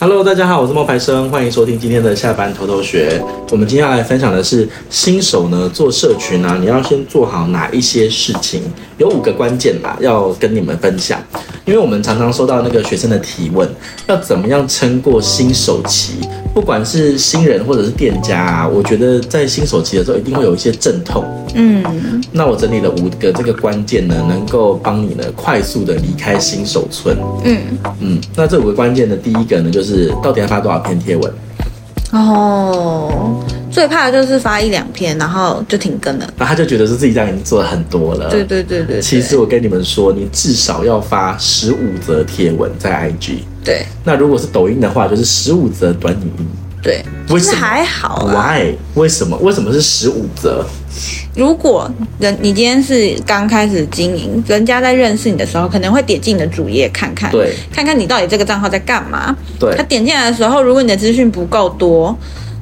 Hello，大家好，我是冒牌生，歡迎收聽今天的下班偷偷學。我們今天要來分享的是新手呢做社群呢啊，你要先做好哪一些事情？有五個關鍵吧啊，要跟你們分享。因為我們常常收到那個學生的提問，要怎麼樣撐過新手期？不管是新人或者是店家啊，我覺得在新手期的時候一定會有一些陣痛。嗯，那我整理了五個這個關鍵呢，能夠幫你呢快速的離開新手村。嗯嗯，那這五個關鍵的第一個呢，就是到底要發多少篇貼文？哦，最怕就是發一兩篇，然後就停更了。然後他就覺得是自己這樣已經做了很多了。對對，對對對對。其實我跟你們說，你至少要發十五則貼文在 IG。對，那如果是抖音的話，就是十五則短影音。對，不是還好啊？Why？為什麼？為什麼是十五則？如果人你今天是剛開始經營，人家在認識你的時候，可能會點進你的主頁看看，對，看看你到底這個賬號在幹嘛。對，他點進來的時候，如果你的資訊不夠多，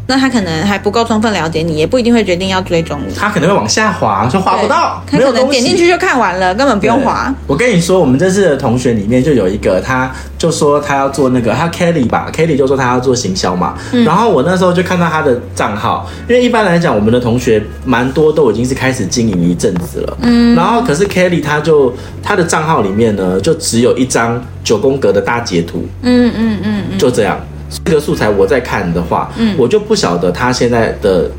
那他可能還不夠充分了解你，也不一定會決定要追蹤你。他可能會往下滑，說滑不到，對沒有東西。他可能點進去就看完了，根本不用滑。我跟你說，我們這次的同學裡面就有一個，他就說他要做那個，他 Kelly 吧，Kelly、嗯、就說他要做行銷嘛。然後我那時候就看到他的賬號，因為一般來講，我們的同學蠻多都已經是開始經營一陣子了。嗯。然後可是 Kelly 他就他的賬號裡面呢，就只有一張九宮格的大截圖。嗯嗯嗯，嗯嗯嗯就這樣。這個素材我在看的話，嗯，我就不曉得他現在的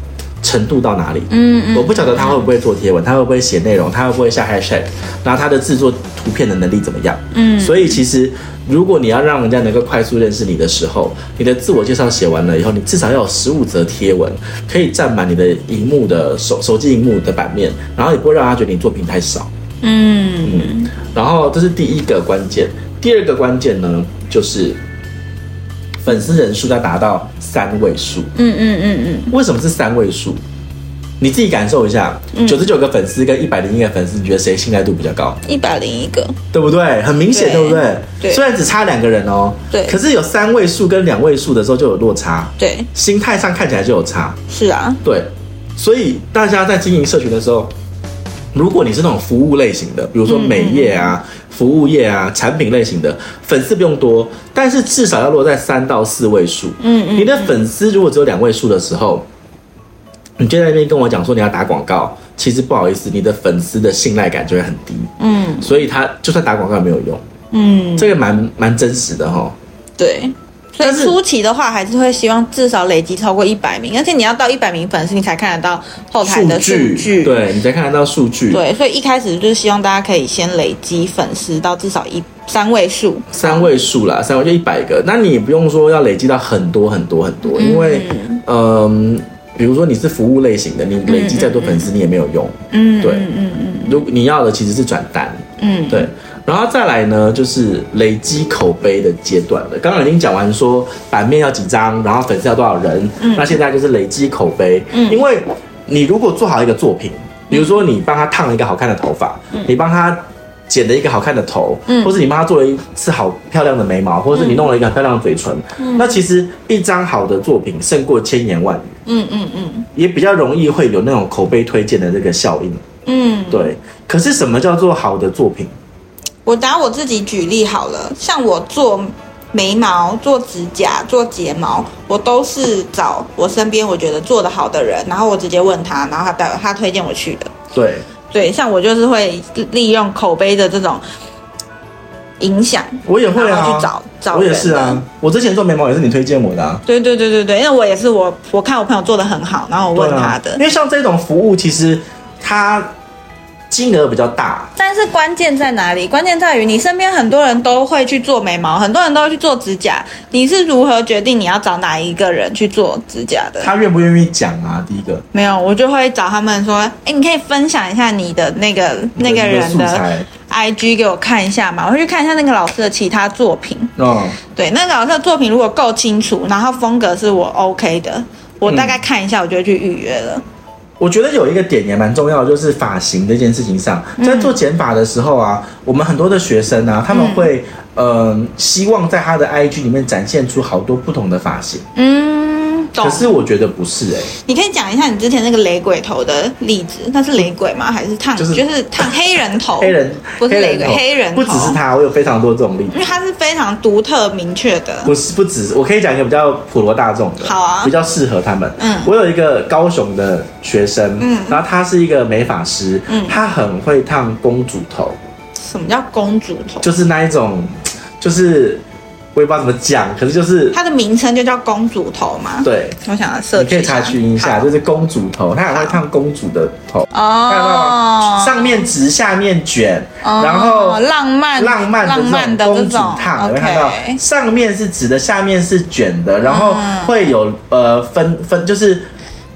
程度到哪裡，嗯嗯，我不曉得他會不會做貼文，他會不會寫內容，他會不會下 hashtag，然後他的製作圖片的能力怎麼樣，嗯，所以其實如果你要讓人家能夠快速認識你的時候，你的自我介紹寫完了以後，你至少要有十五則貼文，可以占滿你的熒幕的手手機熒幕的版面，然後也不會讓他覺得你作品太少，嗯嗯，然後這是第一個關鍵，第二個關鍵呢，就是。粉絲人數要達到三位數。嗯，嗯嗯嗯嗯，嗯，為什麼是三位數？你自己感受一下，九十九個粉絲跟一百零一個粉絲，你覺得誰信賴度比較高？一百零一個，對不對？很明顯，對，對不對，對，雖然只差兩個人哦，對，可是有三位數跟兩位數的時候就有落差，對，心態上看起來就有差，是啊，對，所以大家在經營社群的時候，如果你是那種服務類型的，比如說美業啊。嗯嗯服務業啊，產品類型的粉絲不用多，但是至少要落在三到四位數。嗯嗯嗯，你的粉絲如果只有兩位數的時候，你就在那邊跟我講說你要打廣告，其實不好意思，你的粉絲的信賴感就會很低。嗯，所以他就算打廣告也沒有用。嗯，這個蠻蠻真實的哦，對。所以初期的話，還是會希望至少累積超過一百名，而且你要到一百名粉絲，你才看得到後台的數據，數據對你才看得到數據。對，所以一開始就是希望大家可以先累積粉絲到至少一三位數，三位，三位數啦，三位就一百個，那你也不用說要累積到很多很多很多，因為嗯、呃，比如說你是服務類型的，你累積再多粉絲你也沒有用。嗯，對，嗯嗯嗯，如果你要的其實是轉單，嗯，對。然後再來呢，就是累積口碑的階段了。剛剛已經講完說版面要幾張，然後粉絲要多少人。嗯，那現在就是累積口碑。嗯，因為你如果做好一個作品，嗯，比如說你幫他燙了一個好看的頭髮，嗯，你幫他剪了一個好看的頭，嗯，或是你幫他做了一次好漂亮的眉毛，或是你弄了一個很漂亮的嘴唇，嗯，那其實一張好的作品勝過千言萬語，嗯。嗯嗯嗯，也比較容易會有那種口碑推薦的這個效應。嗯，對。可是什麼叫做好的作品？我拿我自己舉例好了，像我做眉毛、做指甲、做睫毛，我都是找我身邊我覺得做的好的人，然後我直接問他，然後他帶他推薦我去的。對對，像我就是會利用口碑的這種影響，我也會啊。去找找，我也是啊。我之前做眉毛也是你推薦我的啊。對對對對對，因為我也是我我看我朋友做的很好，然後我問他的。啊，因為像這種服務，其實他金額比較大，但是關鍵在哪裡？關鍵在於你身邊很多人都會去做眉毛，很多人都會去做指甲。你是如何決定你要找哪一個人去做指甲的？他願不願意講啊？第一個沒有，我就會找他們說，哎、欸，你可以分享一下你的那個那個人的 I G 給我看一下嘛，我會去看一下那個老師的其他作品。嗯、哦，對，那個老師的作品如果夠清楚，然後風格是我 OK 的，我大概看一下，我就會去預約了。嗯我覺得有一個點也蠻重要的，就是髮型這件事情上，嗯、在做減法的時候啊，我們很多的學生呢、啊，他們會，嗯、呃，希望在他的 IG 裡面展現出好多不同的髮型。嗯。可是我覺得不是欸，你可以講一下你之前那個雷鬼頭的例子，那是雷鬼嗎？還是燙？就是燙黑人頭，黑人不是雷鬼，黑人不只是他，我有非常多這種例子，因為他是非常獨特明確的。不是，不只是，我可以講一個比較普羅大眾的，好啊，比較適合他們。嗯，我有一個高雄的學生，嗯，然後他是一個美髮師，嗯，他很會燙公主頭。什麼叫公主頭？就是那一種，就是。我也不知道怎麼講，可是就是它的名稱就叫公主頭嘛。對，我想要設計，你可以查詢一下，套就是公主頭，它也會燙公主的頭。哦，看到上面直，下面捲，哦、然後浪漫浪漫的那種公主燙，有沒有看到上面是直的，下面是捲的，哦、然後會有呃分分就是。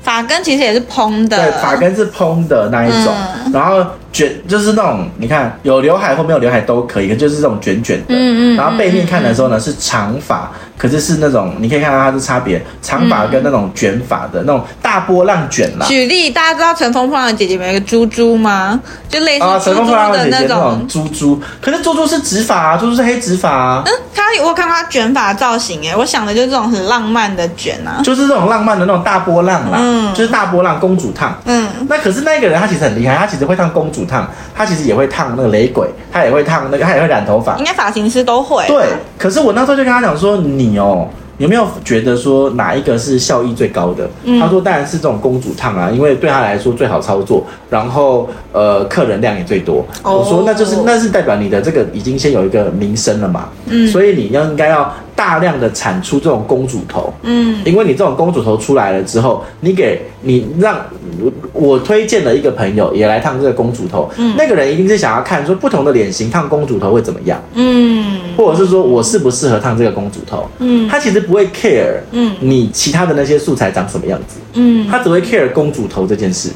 髮根其實也是蓬的，對，髮根是蓬的那一種，啊嗯、然後卷就是那種，你看有劉海或沒有劉海都可以，可是就是這種卷卷的。嗯，然後背面看的時候呢，嗯、是長髮，可是是那種、嗯、你可以看到它的差別，長髮跟那種卷髮的、嗯、那種大波浪卷啦。舉例，大家知道乘風破浪的姐姐們有一個豬豬嗎？就類似啊、呃，乘風破浪的姐姐那種豬豬，可是豬豬是直髮啊，豬豬是黑直髮啊。嗯我看他捲髮造型耶，誒我想的就是這種很浪漫的捲吶、啊，就是這種浪漫的那種大波浪啦，嗯，就是大波浪公主燙，嗯。那可是那個人，他其實很厲害，他其實會燙公主燙，他其實也會燙那個雷鬼，他也會燙那個，他也會染頭髮，應該髮型師都會。對，可是我那時候就跟他講說，你哦。有沒有覺得說哪一個是效益最高的？嗯、他說當然是這種公主燙啊，因為對他來說最好操作，然後呃客人量也最多。哦、我說那就是那是代表你的這個已經先有一個名聲了嘛，嗯、所以你要應該要。大量的產出這種公主頭，嗯，因為你這種公主頭出來了之後，你給你讓我，我推薦的一個朋友也來燙這個公主頭，嗯，那個人一定是想要看說不同的臉型燙公主頭會怎麼樣，嗯，或者是說我適不適合燙這個公主頭，嗯，他其實不會 care，嗯，你其他的那些素材長什麼樣子，嗯，他只會 care 公主頭這件事。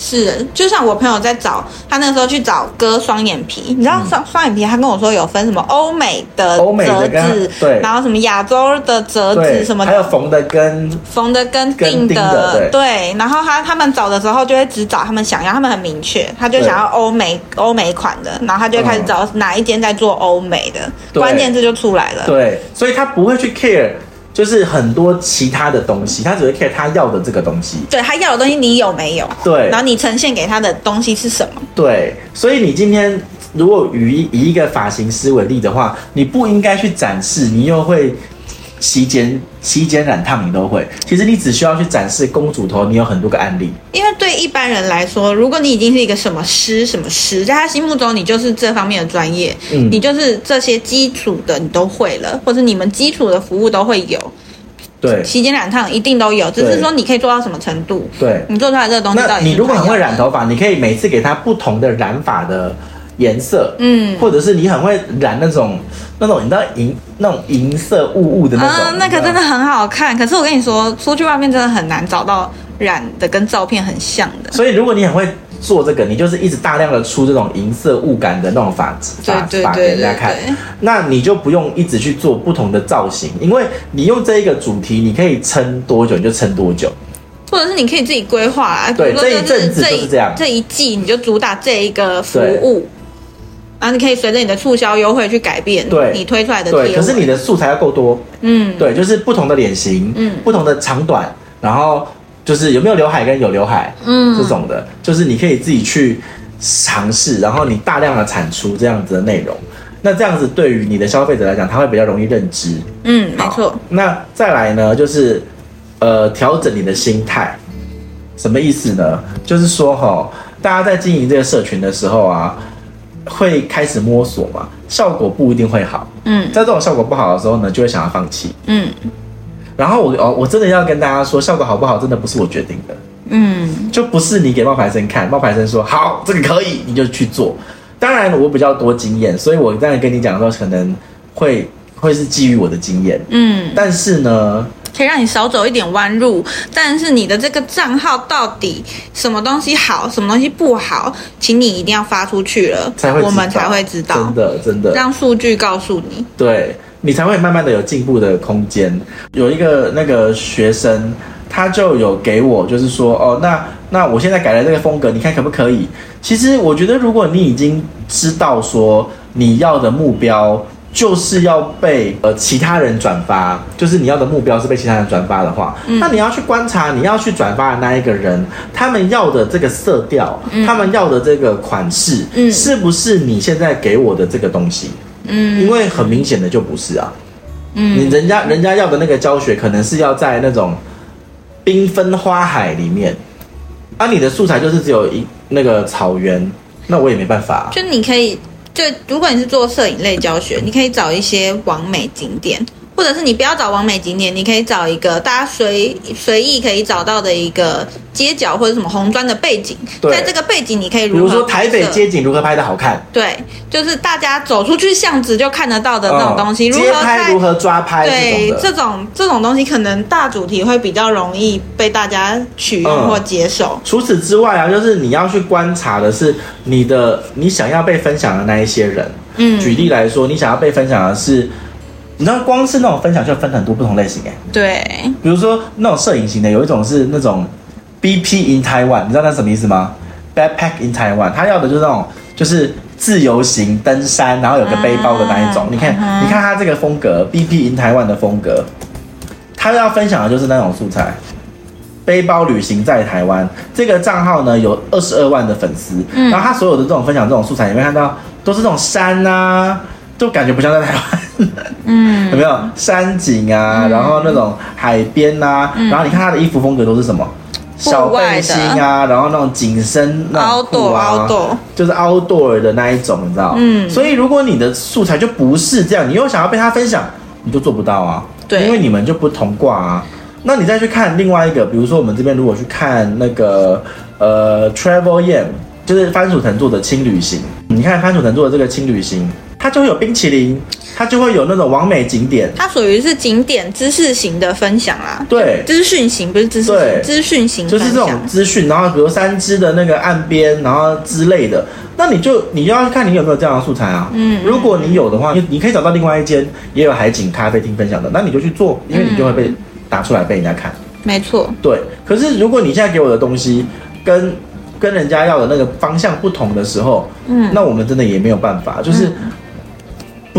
是，就像我朋友在找他那時候去找割雙眼皮，嗯、你知道雙雙眼皮，他跟我說有分什麼歐美的折子，對，然後什麼亞洲的折子，對什麼還有縫的跟縫的跟定的，跟的，對，然後他他們找的時候就會只找他們想要，他們很明確，他就想要歐美歐對美款的，然後他就會開始找哪一間在做歐美的，對關鍵字就出來了，對，所以他不會去 care。就是很多其他的東西，他只會 care 他要的這個東西。對，他要的東西，你有沒有？對，然後你呈現給他的東西是什麼？對，所以你今天如果以以一個髮型師為例的話，你不應該去展示，你又會。洗剪洗剪染燙你都會，其實你只需要去展示公主頭，你有很多個案例。因為對一般人來說，如果你已經是一個什麼師什麼師，在他心目中你就是這方面的專業，嗯，你就是這些基礎的你都會了，或者你們基礎的服務都會有，對，洗剪染燙一定都有，只是說你可以做到什麼程度。對，你做出來的這個東西到底，那你如果很會染頭髮，樣你可以每次給他不同的染法的顏色，嗯，或者是你很會染那種、嗯、那種你知道銀那種銀色霧霧的那種，啊、那個真的很好看。可是我跟你說，出去外面真的很難找到染的跟照片很像的。所以如果你很會做這個，你就是一直大量的出這種銀色霧感的那種髮質，對對對，對，給人家看，對對對對，那你就不用一直去做不同的造型，因為你用這一個主題，你可以撐多久你就撐多久，多久或者是你可以自己規劃、啊，對，這一陣子就是這樣這，這一季你就主打這一個服務。啊，你可以隨着你的促銷優惠去改變，對，你推出來的對，可是你的素材要夠多，嗯，對，就是不同的臉型，嗯，不同的長短，然後就是有沒有劉海跟有劉海，嗯，這種的，就是你可以自己去嘗試，然後你大量的產出這樣子的內容，那這樣子對於你的消費者來講，他會比較容易認知，嗯，好，沒錯。那再來呢，就是呃，調整你的心態，什麼意思呢？就是說齁，大家在經營這個社群的時候啊。會開始摸索嘛，效果不一定會好。嗯，在這種效果不好的時候呢，就會想要放棄。嗯，然後我哦，我真的要跟大家說，效果好不好真的不是我決定的。嗯，就不是你給冒牌生看，冒牌生說好，這個可以，你就去做。當然，我比較多經驗，所以我剛才跟你講的時候，可能會會是基於我的經驗。嗯，但是呢。可以讓你少走一點彎路，但是你的這個賬號到底什麼東西好，什麼東西不好，請你一定要發出去了，才會我們才會知道，真的真的讓數據告訴你，對你才會慢慢的有進步的空間。有一個那個學生，他就有給我就是說，哦，那那我現在改了這個風格，你看可不可以？其實我覺得，如果你已經知道說你要的目標。就是要被呃其他人轉發，就是你要的目標是被其他人轉發的話，嗯、那你要去觀察，你要去轉發的那一個人，他們要的這個色調，嗯、他們要的這個款式，嗯、是不是你現在給我的這個東西？嗯，因為很明顯的就不是啊。嗯，你人家人家要的那個教學，可能是要在那種繽紛花海裡面，啊你的素材就是只有一那個草原，那我也沒辦法啊。就你可以。對，如果你是做攝影類教學，你可以找一些網美景點。或者是你不要找完美景點，你可以找一個大家隨隨意可以找到的一個街角，或者什麼紅磚的背景，對在這個背景你可以如何？比如說台北街景如何拍的好看？對，就是大家走出去巷子就看得到的那種東西。嗯、如何拍，街拍如何抓拍的？對，這種這種東西可能大主題會比較容易被大家取用或接受，嗯。除此之外啊，就是你要去觀察的是你的你想要被分享的那一些人。嗯，舉例來說，你想要被分享的是。你知道光是那種分享就分很多不同類型哎，對，比如說那種攝影型的，有一種是那種 BP in Taiwan，你知道那是什麼意思嗎？Backpack in Taiwan，他要的就是那種就是自由行、登山，然後有個背包的那一種。Uh huh. 你看，你看他這個風格、uh huh.，BP in Taiwan 的風格，他要分享的就是那種素材，背包旅行在台灣。這個賬號呢有二十二萬的粉絲，然後他所有的這種分享這種素材，有沒有看到都是那種山啊，就感覺不像在台灣。嗯， 有沒有山景啊？嗯、然後那種海邊吶、啊，嗯、然後你看他的衣服風格都是什麼外小背心啊，然後那種緊身那種褲啊，outdoor, outdoor 就是 outdoor 的那一種，你知道？嗯，所以如果你的素材就不是這樣，你又想要被他分享，你就做不到啊。對，因為你們就不同掛啊。那你再去看另外一個，比如說我們這邊如果去看那個呃 travel yam，就是番薯藤做的輕旅行，你看番薯藤做的這個輕旅行，它就會有冰淇淋。它就會有那種網美景點，它屬於是景點知識型的分享啊。對，資訊型不是知識型，資訊對型就是這種資訊。然後比如三芝的那個岸邊，然後之類的，那你就你要看你有沒有這樣的素材啊。嗯，如果你有的話，你你可以找到另外一間也有海景咖啡廳分享的，那你就去做，因為你就會被打出來被人家看。沒錯，嗯，對。可是如果你現在給我的東西跟跟人家要的那個方向不同的時候，嗯，那我們真的也沒有辦法，就是。嗯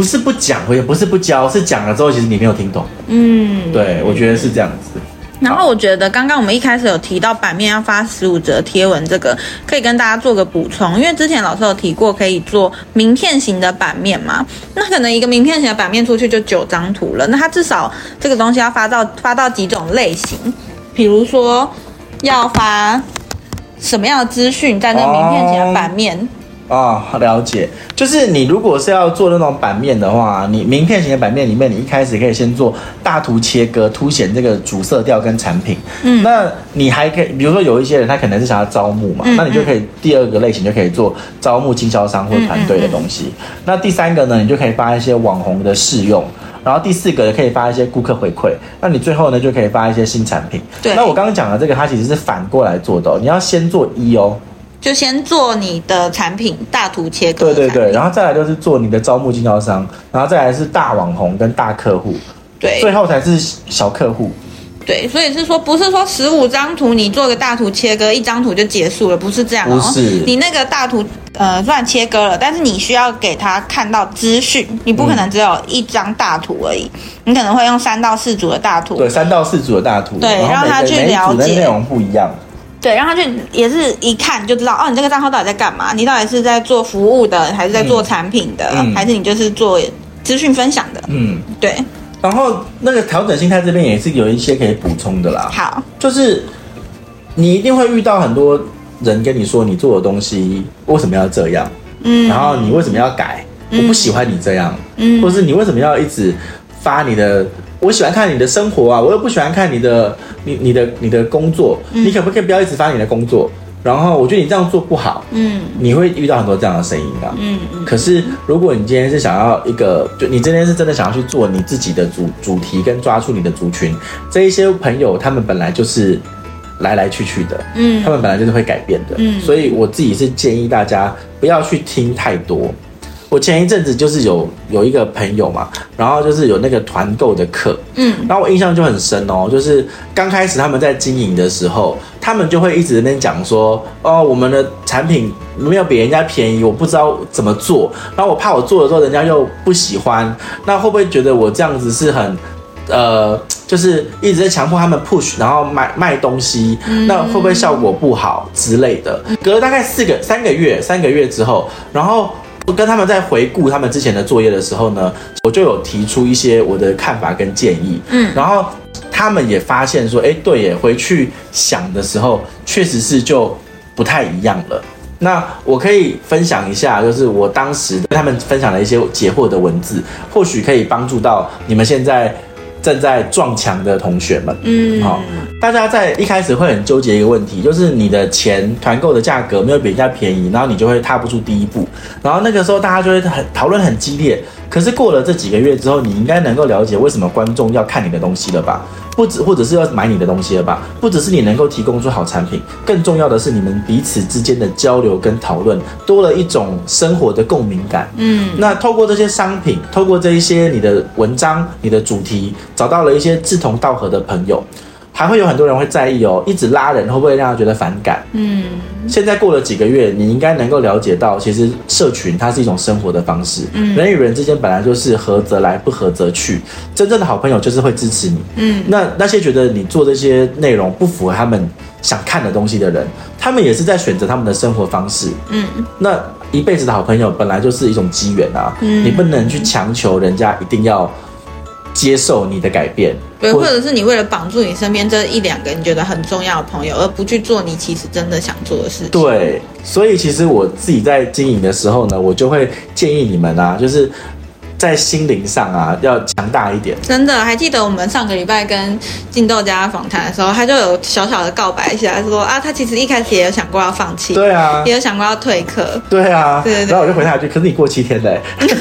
不是不講，也不是不教，是講了之後，其實你沒有聽懂。嗯，對，我覺得是這樣子。然後我覺得剛剛我們一開始有提到版面要發十五則貼文，這個可以跟大家做個補充，因為之前老師有提過可以做名片型的版面嘛。那可能一個名片型的版面出去就九張圖了，那它至少這個東西要發到發到幾種類型，比如說要發什麼樣的資訊在那個名片型的版面？嗯哦，了解。就是你如果是要做那種版面的話啊，你名片型的版面裡面，你一開始可以先做大圖切割，凸顯這個主色調跟產品。嗯，那你還可以，比如說有一些人他可能是想要招募嘛，嗯嗯，那你就可以第二個類型就可以做招募經銷商或團隊的東西。嗯嗯嗯，那第三個呢，你就可以發一些網紅的試用，然後第四個也可以發一些顧客回饋。那你最後呢，就可以發一些新產品。對。那我剛剛講的這個，它其實是反過來做的哦，你要先做一哦。就先做你的產品大圖切割，對對對，然後再來就是做你的招募經銷商，然後再來是大網紅跟大客戶，對，最後才是小客戶。對，所以是說不是說十五張圖你做個大圖切割一張圖就結束了，不是這樣，哦，是。你那個大圖呃雖然切割了，但是你需要給他看到資訊，你不可能只有一張大圖而已，嗯、你可能會用三到四組的大圖，對，三到四組的大圖，對，然後讓他去了解，每組的內容不一樣。對，然後就也是一看就知道，哦，你這個賬號到底在幹嘛？你到底是在做服務的，還是在做產品的，嗯嗯、還是你就是做資訊分享的？嗯，對。然後那個調整心態這邊也是有一些可以補充的啦。好，就是你一定會遇到很多人跟你說，你做的東西為什麼要這樣？嗯，然後你為什麼要改？嗯、我不喜歡你這樣。嗯，或者是你為什麼要一直發你的？我喜歡看你的生活啊，我又不喜歡看你的你你的你的工作，你可不可以不要一直發你的工作？嗯、然後我覺得你這樣做不好，嗯，你會遇到很多這樣的聲音的、啊嗯，嗯嗯。可是如果你今天是想要一個，就你今天是真的想要去做你自己的主主題跟抓住你的族群，這一些朋友他們本來就是來來去去的，嗯，他們本來就是會改變的，嗯。所以我自己是建議大家不要去聽太多。我前一陣子就是有有一個朋友嘛，然後就是有那個團購的課，嗯，然後我印象就很深哦，就是剛開始他們在經營的時候，他們就會一直在那邊講說，哦，我們的產品沒有比人家便宜，我不知道怎麼做，然後我怕我做了之後人家又不喜歡，那會不會覺得我這樣子是很，呃，就是一直在強迫他們 push，然後賣賣東西，那會不會效果不好之類的？嗯、隔了大概四個三個月，三個月之後，然後。我跟他們在回顧他們之前的作業的時候呢，我就有提出一些我的看法跟建議，嗯，然後他們也發現說，哎，對耶，回去想的時候，確實是就不太一樣了。那我可以分享一下，就是我當時跟他們分享的一些解惑的文字，或許可以幫助到你們現在正在撞牆的同學們，嗯，好、哦。大家在一開始會很糾結一個問題，就是你的錢團購的價格沒有比人家便宜，然後你就會踏不出第一步。然後那個時候大家就會很討論很激烈。可是過了這幾個月之後，你應該能夠了解為什麼觀眾要看你的東西了吧？不止，或者是要買你的東西了吧？不只是你能夠提供出好產品，更重要的是你們彼此之間的交流跟討論，多了一種生活的共鳴感。嗯，那透過這些商品，透過這一些你的文章、你的主題，找到了一些志同道合的朋友。還會有很多人會在意哦，一直拉人會不會讓他覺得反感？嗯，現在過了幾個月，你應該能夠了解到，其實社群它是一種生活的方式。嗯，人與人之間本來就是合則來，不合則去。真正的好朋友就是會支持你。嗯，那那些覺得你做這些內容不符合他們想看的東西的人，他們也是在選擇他們的生活方式。嗯，那一輩子的好朋友本來就是一種機緣啊，嗯，你不能去強求人家一定要接受你的改變，對，我或者是你為了綁住你身邊這一兩個你覺得很重要的朋友，而不去做你其實真的想做的事情，對。所以其實我自己在經營的時候呢，我就會建議你們啊，就是。在心靈上啊，要強大一點。真的，還記得我們上個禮拜跟金豆家訪談的時候，他就有小小的告白一下說啊，他其實一開始也有想過要放棄，對啊，也有想過要退課，對啊。對對，對，然後我就回他一句，可是你過七天嘞？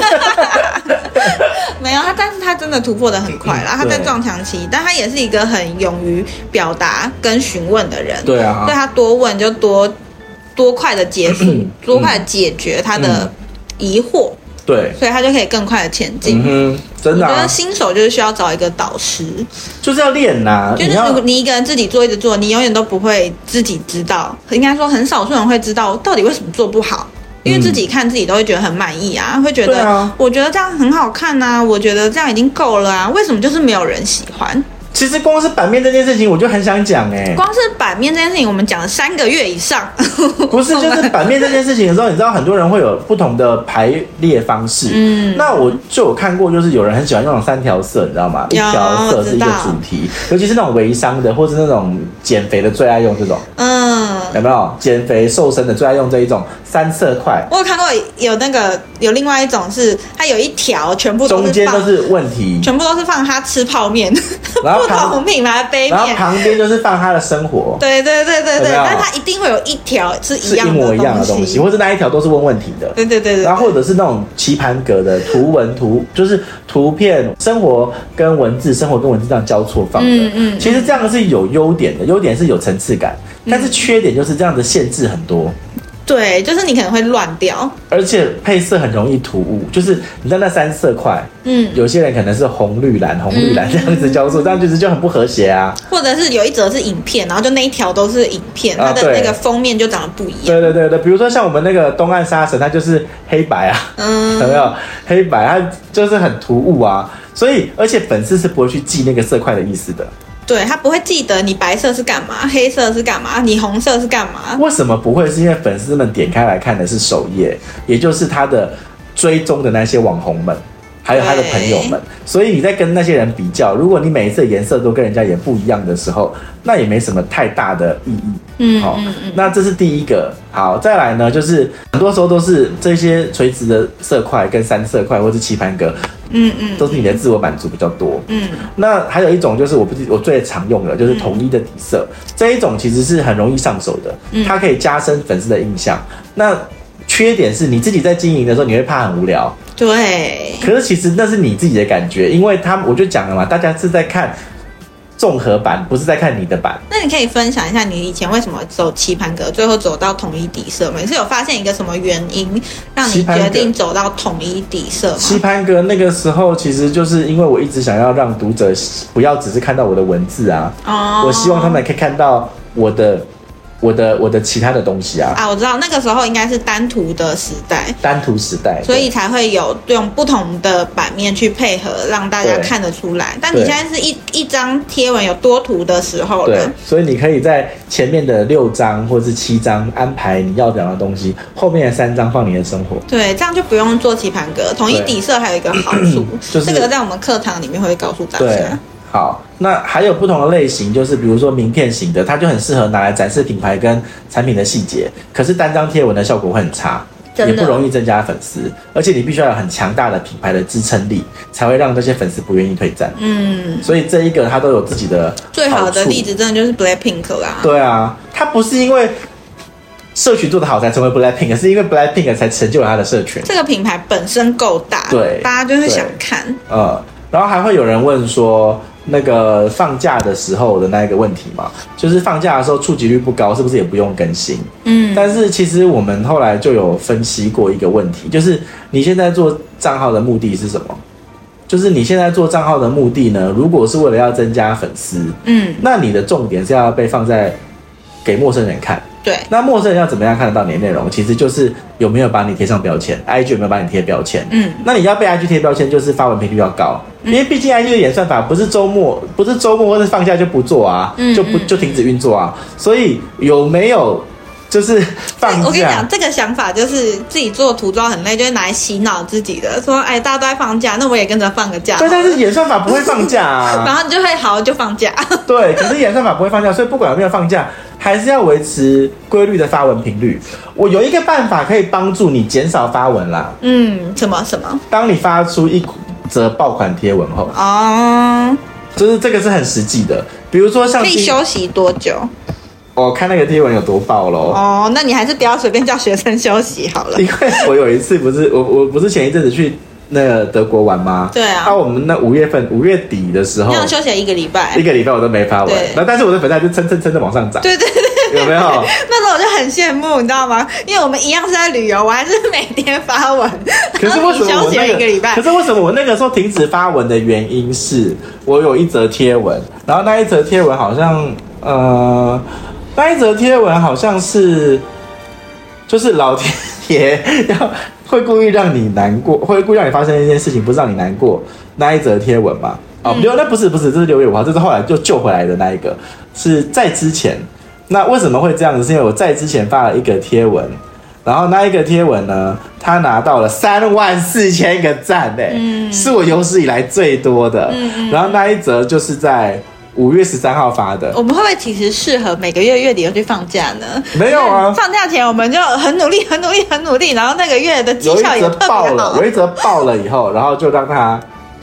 沒有他，但是他真的突破的很快。然後、嗯、他在撞牆期，但他也是一個很勇於表達跟詢問的人。對啊，所以他多問就多多快的結束，嗯嗯、多快的解決他的疑惑。對，所以他就可以更快的前進。嗯哼，真的啊。我覺得新手就是需要找一個導師，就是要練吶、啊。就是如果你一個人自己做，一直做，你永遠都不會自己知道。應該說，很少數人會知道到底為什麼做不好，因為自己看自己都會覺得很滿意啊，會覺得，啊，我覺得這樣很好看吶、啊，我覺得這樣已經夠了啊，為什麼就是沒有人喜歡？其實光是版面這件事情，我就很想講哎。光是版面這件事情，我們講了三個月以上。不是，就是版面這件事情的時候，你知道很多人會有不同的排列方式。嗯，那我就有看過，就是有人很喜歡用那種三條色，你知道嗎？一條色是一個主題，尤其是那種微商的或是那種減肥的最愛用這種。嗯。有沒有減肥瘦身的最愛用這一種三色塊？我有看過，有那個有另外一種是，它有一條全部都是中間都是問題，全部都是放他吃泡麵， 然後不同品牌的杯麵，旁邊就是放他的生活。對對對對對，有有但它一定會有一條是一樣的，是一模一樣的東西，或者那一條都是問問題的。對對對對、對，然後或者是那種棋盤格的圖文圖，對對對對，就是圖片生活跟文字，生活跟文字這樣交錯放的。嗯嗯，嗯其實這樣的是有優點的，優點是有層次感。但是缺點就是這樣子限制很多，嗯、對，就是你可能會亂掉，而且配色很容易突兀，就是你知道那三色塊，嗯，有些人可能是紅綠藍，紅綠藍這樣子交錯，但、嗯、就是就很不和諧啊。或者是有一則是影片，然後就那一條都是影片，啊、它的那個封面就長得不一樣。對對對對，比如說像我們那個東岸沙神，它就是黑白啊，嗯。有沒有？黑白它就是很突兀啊，所以而且粉絲是不會去記那個色塊的意思的。對，他不會記得你白色是幹嘛，黑色是幹嘛，你紅色是幹嘛？為什麼不會？是因為粉絲們點開來看的是首頁，也就是他的追蹤的那些網紅們。還有他的朋友們，所以你在跟那些人比較，如果你每一次顏色都跟人家也不一樣的時候，那也沒什麼太大的意義。嗯，好，那這是第一個。好，再來呢，就是很多時候都是這些垂直的色塊跟三色塊或者是棋盤格，嗯、嗯，都是你的自我滿足比較多。嗯，那還有一種就是我不知我最常用的，就是統一的底色這一種，其實是很容易上手的，它，可以加深粉絲的印象。那缺點是你自己在經營的時候，你會怕很無聊。對，可是其實那是你自己的感覺，因為他我就講了嘛，大家是在看綜合版，不是在看你的版。那你可以分享一下，你以前為什麼走棋盤格，最後走到統一底色？每次有發現一個什麼原因讓你決定走到統一底色？棋盤格那個時候，其實就是因為我一直想要讓讀者不要只是看到我的文字啊，oh. 我希望他們可以看到我的。我的我的其他的東西啊啊，我知道那個時候應該是單圖的時代，單圖時代，所以才會有用不同的版面去配合，讓大家看得出來。對但你現在是一對一張貼文有多圖的時候了，對，所以你可以在前面的六張或是七張安排你要講的東西，後面的三張放你的生活。對，這樣就不用做棋盤格，統一底色還有一個好處，對就是、這個在我們課堂裡面會告訴大家。好，那還有不同的類型，就是比如說名片型的，它就很適合拿來展示品牌跟產品的細節。可是單張貼文的效果會很差，的也不容易增加粉絲，而且你必須要有很強大的品牌的支撐力，才會讓這些粉絲不願意退贊。嗯，所以這一個它都有自己的好處，最好的例子，真的就是 Blackpink 啦。對啊，它不是因為社群做得好才成為 Blackpink，是因為 Blackpink 才成就了他的社群。這個品牌本身夠大，對，大家就是想看。呃、嗯，然後還會有人問說。那個放假的時候的那一個問題嘛，就是放假的時候觸及率不高，是不是也不用更新？嗯，但是其實我們後來就有分析過一個問題，就是你現在做賬號的目的是什麼？就是你現在做賬號的目的呢，如果是為了要增加粉絲，嗯，那你的重點是要被放在給陌生人看。對，那陌生人要怎麼樣看得到你的內容？其實就是有沒有把你貼上標籤，IG 有沒有把你貼標籤？嗯，那你要被 IG 貼標籤，就是發文頻率要高，嗯、因為畢竟 IG 的演算法不是周末，不是周末或者放假就不做啊，嗯、就不就停止運作啊。所以有沒有就是放假？我跟你講，這個想法就是自己做塗裝很累，就會拿來洗腦自己的，說哎大家都在放假，那我也跟着放個假。對，但是演算法不會放假啊，然後 你就會好就放假。 對，可是演算法不會放假，所以不管有沒有放假。還是要維持規律的發文頻率。我有一個辦法可以幫助你減少發文啦。嗯，什麼什麼？當你發出一則爆款貼文後啊，哦，就是這個是很實際的。比如說像可以休息多久？我，哦，看那個貼文有多爆嘍。哦，那你還是不要隨便叫學生休息好了。因為我有一次不是我我不是前一陣子去。那個德國玩嗎？對啊，到、啊、我們那五月份五月底的時候，你想休息了一個禮拜，一個禮拜我都沒發文。對那但是我的粉絲還是就蹭蹭蹭的往上漲，對對對，有沒有？那時候我就很羨慕，你知道嗎？因為我們一樣是在旅遊，我還是每天發文，可是為什麼我休息一個禮拜。可是為什麼我那個時候停止發文的原因是我有一則貼文，然後那一則貼文好像呃，那一則貼文好像是就是老天。要會故意讓你難過，會故意讓你發生一件事情，不是讓你難過。那一則貼文嘛，哦、嗯六，那不是，不是，這是六月五號，這是後來就救回來的那一個，是在之前。那為什麼會這樣子？是因為我在之前發了一個貼文，然後那一個貼文呢，他拿到了三萬四千個讚誒，是我有史以來最多的。然後那一則就是在。五月十三號發的，我們會不會其實適合每個月月底要去放假呢？沒有啊，放假前我們就很努力，很努力，很努力，然後那個月的績效也爆了，有一則爆了以後，然後就讓它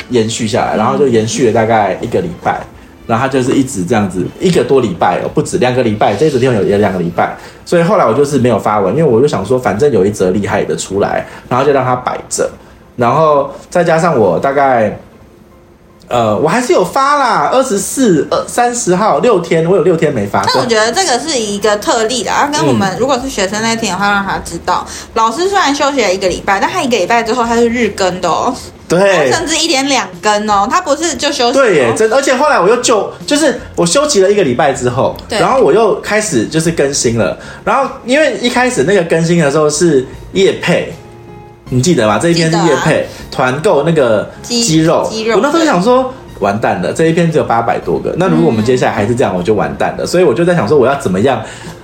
延續下來，然後就延續了大概一個禮拜，嗯、然後它就是一直這樣子，一個多禮拜哦，不止兩個禮拜，這一則天有有兩個禮拜，所以後來我就是沒有發文，因為我就想說，反正有一則厲害的出來，然後就讓它擺着，然後再加上我大概。呃，我還是有發啦，二十四、三十號六天，我有六天沒發。但我覺得這個是一個特例啦，要跟我們如果是學生那天的話，嗯、讓他知道，老師雖然休息了一個禮拜，但他一個禮拜之後他是日更的哦。對，還甚至一點兩更哦，他不是就休息。對耶，真而且後來我又就就是我休息了一個禮拜之後，對耶然後我又開始就是更新了，然後因為一開始那個更新的時候是業配。你記得嗎？這一篇是業配團購、啊、那個雞肉，肉我那時候想說，完蛋了，對這一篇只有八百多個。那如果我們接下來還是這樣，我就完蛋了。嗯、所以我就在想說，我要怎麼樣，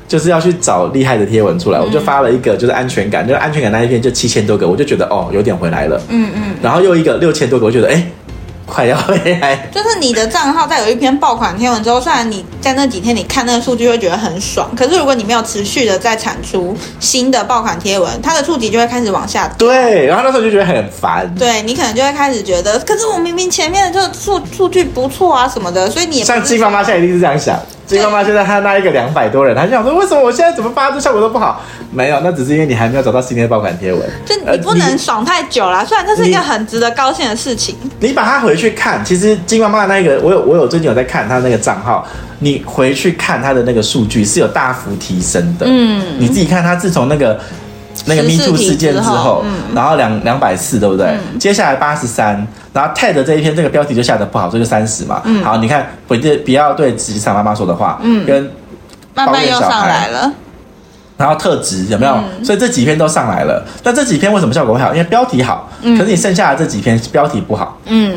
就是要去找厲害的貼文出來。嗯、我就發了一個，就是安全感，就安全感那一篇就七千多個，我就覺得哦，有點回來了。嗯嗯。然後又一個六千多個，我覺得哎。欸快要回來， 就是你的賬號在有一篇爆款貼文之後，雖然你在那幾天你看那個數據會覺得很爽，可是如果你沒有持續的在產出新的爆款貼文，它的觸及就會開始往下。對，然後那時候就覺得很煩。對，你可能就會開始覺得，可是我明明前面的就數數據不錯啊什麼的，所以你像雞媽媽，現在一定是這樣想。金媽媽現在她那一個兩百多人，她就想說：為什麼我現在怎麼發都效果都不好？沒有，那只是因為你還沒有找到新的爆款貼文。就你不能爽太久啦，呃、雖然這是一個很值得高興的事情。你，你把它回去看，其實金媽媽那那個，我有我有最近有在看她那個賬號，你回去看她的那個數據是有大幅提升的。嗯，你自己看，她自從那個。那個 MeToo 事件之後，之後嗯、然後兩兩百四，對不對？嗯、接下來八十三，然後 Ted 的這一篇這、那個標題就下得不好，這就三十嘛。嗯、好，你看，不要不要對職場媽媽說的話，嗯、跟包括小孩慢慢又上來了。然後特質有沒有？嗯、所以這幾篇都上來了。那這幾篇為什麼效果會好？因為標題好。可是你剩下的這幾篇標題不好，嗯，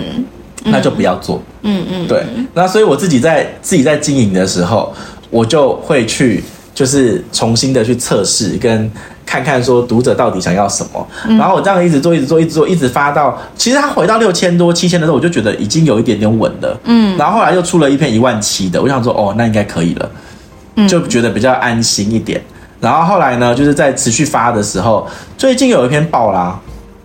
那就不要做。嗯嗯，對。那所以我自己在自己在經營的時候，我就會去就是重新的去測試跟。看看說讀者到底想要什麼，嗯、然後我這樣一直做，一直做，一直做，一直發到，其實他回到六千多、七千的時候，我就覺得已經有一點點穩了。嗯，然後後來又出了一篇一萬七的，我想說哦，那應該可以了，就覺得比較安心一點。嗯、然後後來呢，就是在持續發的時候，最近有一篇爆啦，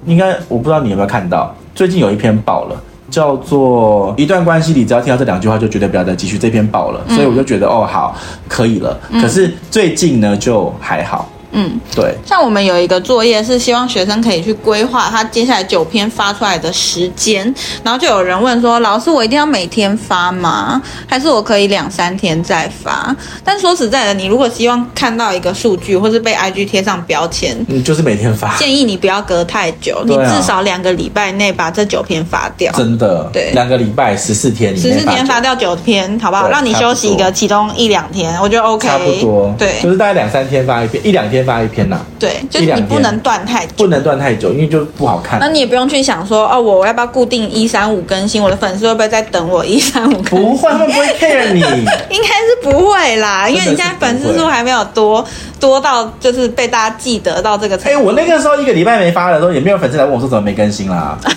應該我不知道你有沒有看到，最近有一篇爆了，叫做一段關係裡，只要聽到這兩句話，就絕對不要再繼續。這篇爆了。所以我就覺得哦，好，可以了。可是最近呢，就還好。嗯嗯嗯，對。像我們有一個作業是希望學生可以去規劃他接下來九篇發出來的時間，然後就有人問說，老師我一定要每天發嗎？還是我可以兩三天再發？但說實在的，你如果希望看到一個數據，或是被 IG 貼上標籤，嗯，就是每天發。建議你不要隔太久，啊，你至少兩個禮拜內把這九篇發掉。真的，對，兩個禮拜十四天，十四天發掉九篇，好不好？對讓你休息一個其中一兩天，我覺得 OK。差不多，對，就是大概兩三天發一篇，一兩天。先發一篇吶，對，就是你不能斷太久，不能斷太久，因為就不好看。那你也不用去想說哦，我我要不要固定一三五更新？我的粉絲會不會在等我一三五？不會。會不會騙你？ 應該是不會啦，會因為你現在粉絲數還沒有多多到就是被大家記得到這個程度。哎、欸，我那個時候一個禮拜沒發的時候，也沒有粉絲來問我說怎麼沒更新啦。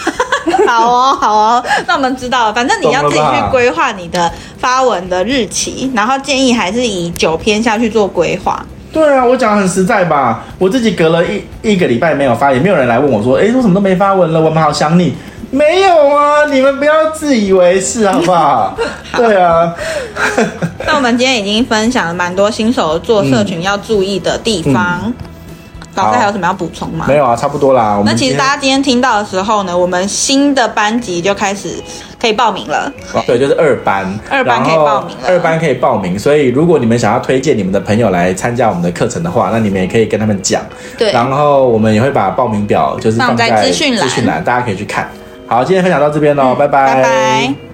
好哦，好哦，那我們知道了，反正你要自己去規劃你的發文的日期，然後建議還是以九篇下去做規劃。對啊，我講得很實在吧？我自己隔了一一個禮拜沒有發言，也沒有人來問我說，哎，我怎麼都沒發文了？我們好想你，沒有啊？你們不要自以為是好不好？ 好，對啊， 那我們今天已經分享了蠻多新手做社群要注意的地方。嗯嗯。好老師，還有什麼要補充嗎？沒有啊，差不多啦。那其實大家今天聽到的時候呢，我們新的班級就開始可以報名了。哦、對，就是二班，二班後可以報名了，二班可以報名。所以如果你們想要推薦你們的朋友來參加我們的課程的話，那你們也可以跟他們講。對，然後我們也會把報名表就是放在資訊欄，大家可以去看。好，今天分享到這邊嘍，嗯、拜拜。拜拜。